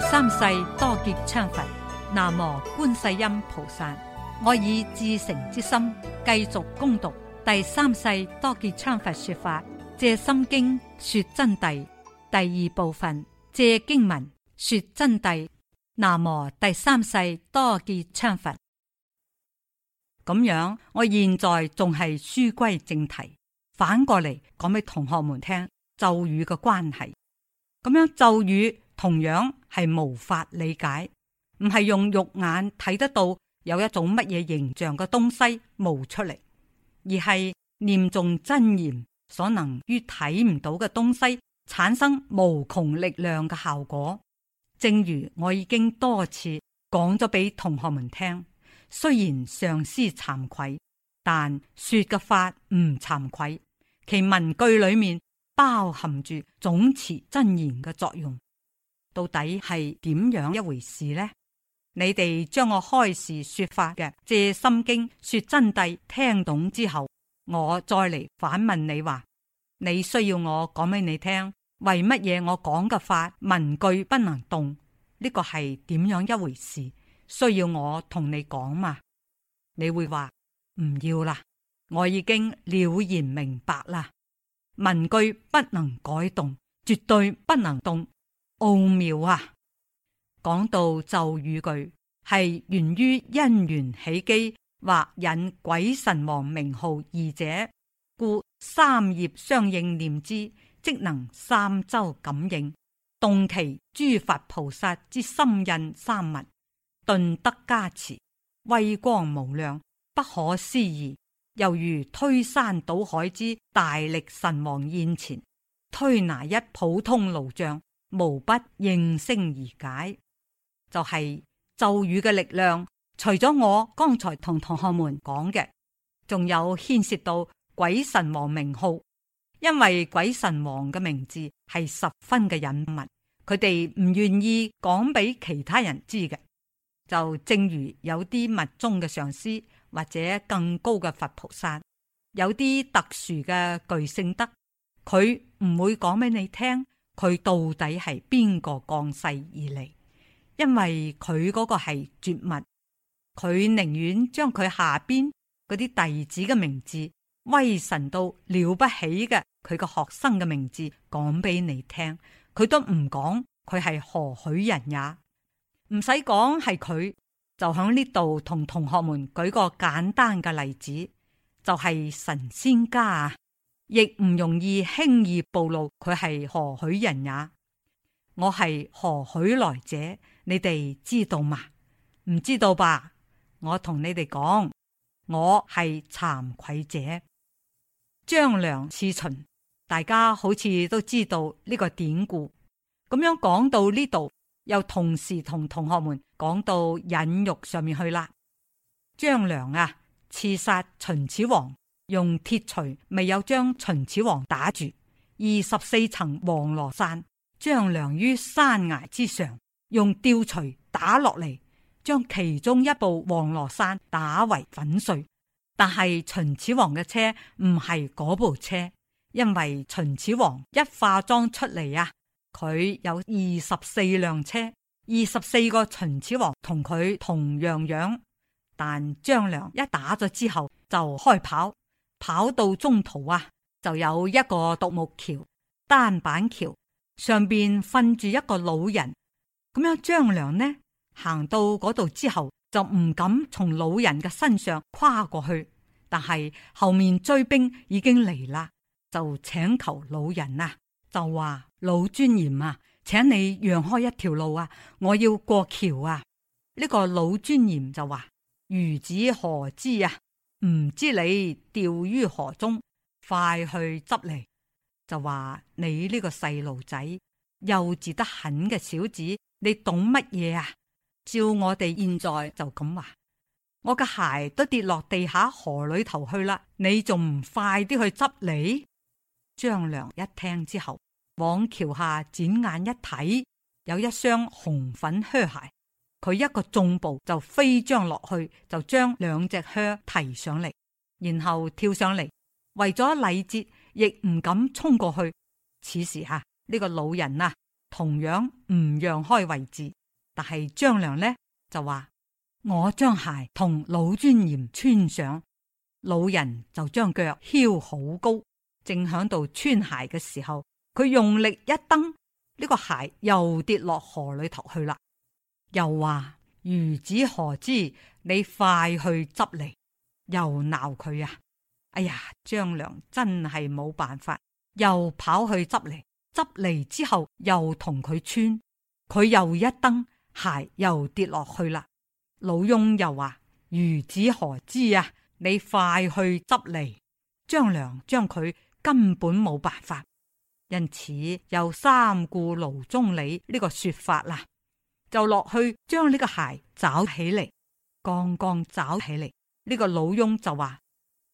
第三世多杰羌佛，南無觀世音菩薩。我以至誠之心繼續攻讀第三世多杰羌佛說法，藉心經說真諦第二部分，藉經文說真諦。南無第三世多杰羌佛。咁樣，我現在仲係書歸正題，反過嚟講俾同學們聽咒語嘅關係。咁樣咒語。同樣係無法理解，唔係用肉眼睇得到有一種乜嘢形象嘅東西冒出嚟，而係念誦真言所能於睇唔到嘅東西產生無窮力量嘅效果。正如我已經多次講咗俾同學們聽，雖然上師慚愧，但說嘅法唔慚愧，其文句裏面包含住總持真言嘅作用。到底係點樣一回事呢？你哋將我開始說法嘅《借心經》說真諦，聽懂之後，我再嚟反問你話：你需要我講俾你聽，為乜嘢我講嘅法文句不能動？呢個係點樣一回事？需要我同你講嘛？你會話唔要啦？我已經了然明白啦。文句不能改動，絕對不能動。奧妙啊！講到咒語句，係源於因緣起機或引鬼神王名號二者，故三業相應念之，即能三周感應，動其諸佛菩薩之心印三物，頓得加持，威光無量，不可思議。猶如推山倒海之大力神王現前，推拿一普通路障。無不應聲而解，就係、是、咒語嘅力量。除咗我剛才同同學們講嘅，仲有牽涉到鬼神王名號，因為鬼神王嘅名字係十分嘅隱密，佢哋唔願意講俾其他人知嘅。就正如有啲密宗嘅上師，或者更高嘅佛菩薩，有啲特殊嘅具聖德，佢唔會講俾你聽。佢到底係邊個降世而嚟？因為佢嗰個係絕密，佢寧願將佢下邊嗰啲弟子嘅名字威神到了不起嘅，佢個學生嘅名字講俾你聽，佢都唔講佢係何許人也。唔使講係佢，就響呢度同同學們舉個簡單嘅例子，就係、是、神仙家。亦唔容易輕易暴露佢係何許人也。我係何許來者？你哋知道嘛？唔知道吧？我同你哋講，我係慚愧者。張良刺秦，大家好似都知道呢個典故。咁樣講到呢度，又同時同同學們講到忍辱上面去啦。張良啊，刺殺秦始皇。用鐵錘未有將秦始皇打住，二十四層黃羅山，張良於山崖之上用吊錘打落嚟，將其中一部黃羅山打為粉碎。但係秦始皇嘅車唔係嗰部車，因為秦始皇一化妝出嚟啊，佢有二十四輛車，二十四個秦始皇同佢同樣樣，但張良一打咗之後就開跑。跑到中途啊，就有一個獨木橋、單板橋，上邊瞓住一個老人。咁樣張良呢，行到嗰度之後就唔敢從老人嘅身上跨過去。但係後面追兵已經嚟啦，就請求老人啊，就話老尊嚴啊，請你讓開一條路啊，我要過橋啊。呢、這個老尊嚴就話：孺子何知啊？唔知你掉於河中，快去執嚟！就話你呢個細路仔幼稚得很嘅小子，你懂乜嘢啊？照我哋現在就咁話，我嘅鞋都跌落地下河裏頭去啦，你仲唔快啲去執你？張良一聽之後，往橋下展眼一睇，有一雙紅粉靴鞋。佢一個重步就飛將落去，就將兩隻靴提上嚟，然後跳上嚟。為咗禮節，亦唔敢衝過去。此時哈，呢、啊這個老人啊，同樣唔讓開位置。但係張良呢就話：我將鞋同老尊嚴穿上。老人就將腳翹好高，正響度穿鞋嘅時候，佢用力一蹬，呢、這個鞋又跌落河裏頭去啦。又話孺子何之？你快去執嚟！又鬧佢啊！哎呀，張良真係冇辦法，又跑去執嚟。執嚟之後，又同佢穿，佢又一蹬，鞋，又跌落去啦。老翁又話孺子何之啊？你快去執嚟！張良將佢根本冇辦法，因此有三顧廬中理」呢個說法啦、啊。就落去將呢個鞋找起嚟，槓槓找起嚟。呢個老翁就話：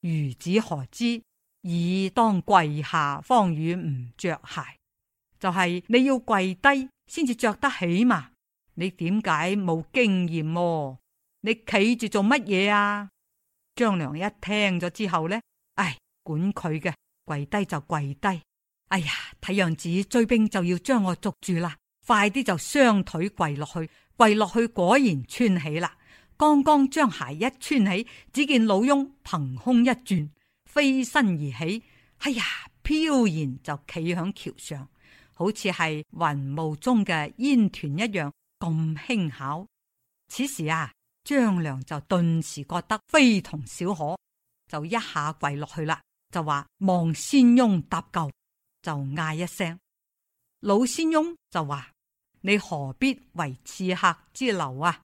孺子何知？以當跪下，方與唔着鞋。就係你要跪低先至着得起嘛。你點解冇經驗啊？你企住做乜嘢啊？張良一聽咗之後呢，唉，管佢嘅，跪低就跪低。哎呀，睇樣子追兵就要將我捉住啦。快啲就雙腿跪落去，跪落去果然穿起啦。剛剛將鞋一穿起，只見老翁憑空一轉，飛身而起。哎呀，飄然就企響橋上，好似係雲霧中嘅煙團一樣咁輕巧。此時啊，張良就頓時覺得非同小可，就一下跪落去啦，就話望仙翁搭救，就嗌一聲，老仙翁就話。你何必為刺客之流啊？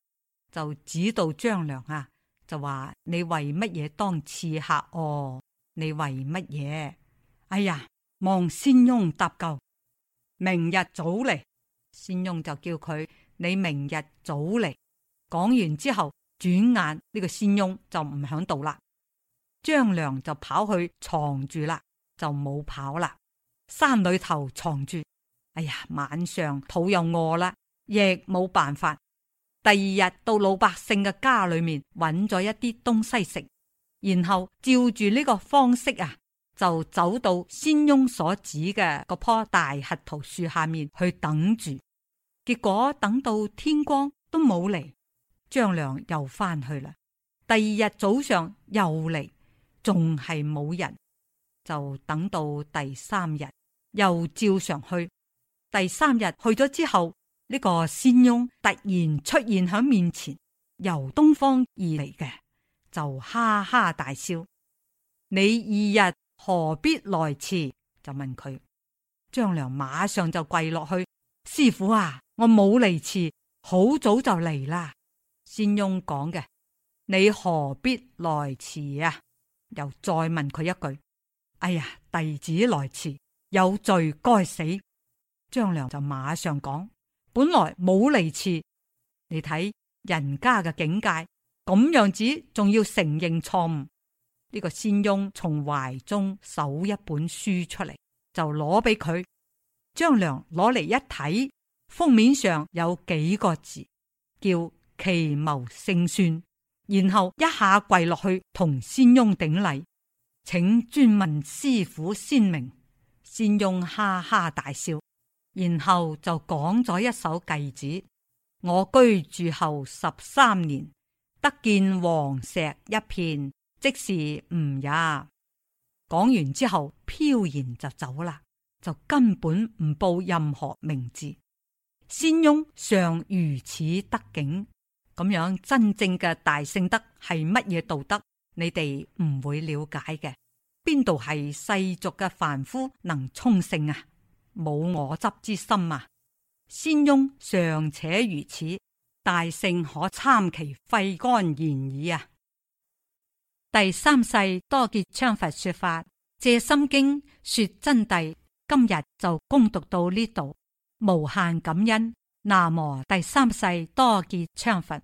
就指導張良啊，就話你為乜嘢當刺客哦、啊？你為乜嘢？哎呀，望仙翁搭救，明日早嚟。仙翁就叫佢你明日早嚟。講完之後，轉眼呢個仙翁就唔響度啦。張良就跑去藏住啦，就冇跑啦，山裏頭藏住。哎呀，晚上肚又餓啦，亦冇辦法。第二日到老百姓嘅家裏面揾咗一啲東西食，然後照住呢個方式啊，就走到仙翁所指嘅嗰棵大核桃樹下面去等住。結果等到天光都冇嚟，張良又翻去啦。第二日早上又嚟，仲係冇人，就等到第三日又照上去。第三日去咗之後，呢個仙翁突然出現喺面前，由東方而嚟嘅，就哈哈大笑：你二日何必來遲？就問佢，張良馬上就跪落去：師傅啊，我冇嚟遲，好早就嚟啦。仙翁講嘅：你何必來遲啊？又再問佢一句：哎呀，弟子來遲，有罪該死。張良就馬上講：本來冇嚟遲，你睇人家嘅境界咁樣子，仲要承認錯誤。呢、這個仙翁從懷中搜一本書出嚟，就攞俾佢。張良攞嚟一睇，封面上有幾個字，叫《奇謀勝算》，然後一下跪落去同仙翁頂禮，請尊問師父先明。仙翁哈哈大笑。然後就講咗一首偈子。我居住後十三年，得見黃石一片，即是吾也。講完之後，飄然就走啦，就根本唔報任何名字。仙翁尚如此得景，咁樣真正嘅大聖德係乜嘢道德？你哋唔會了解嘅。邊度係世俗嘅凡夫能充聖啊？冇我執之心啊！仙翁尚且如此，大聖可參其肺，肺肝言矣啊！第三世多杰羌佛說法，借心經說真諦。今日就恭讀到呢度，無限感恩。那麼第三世多杰羌佛。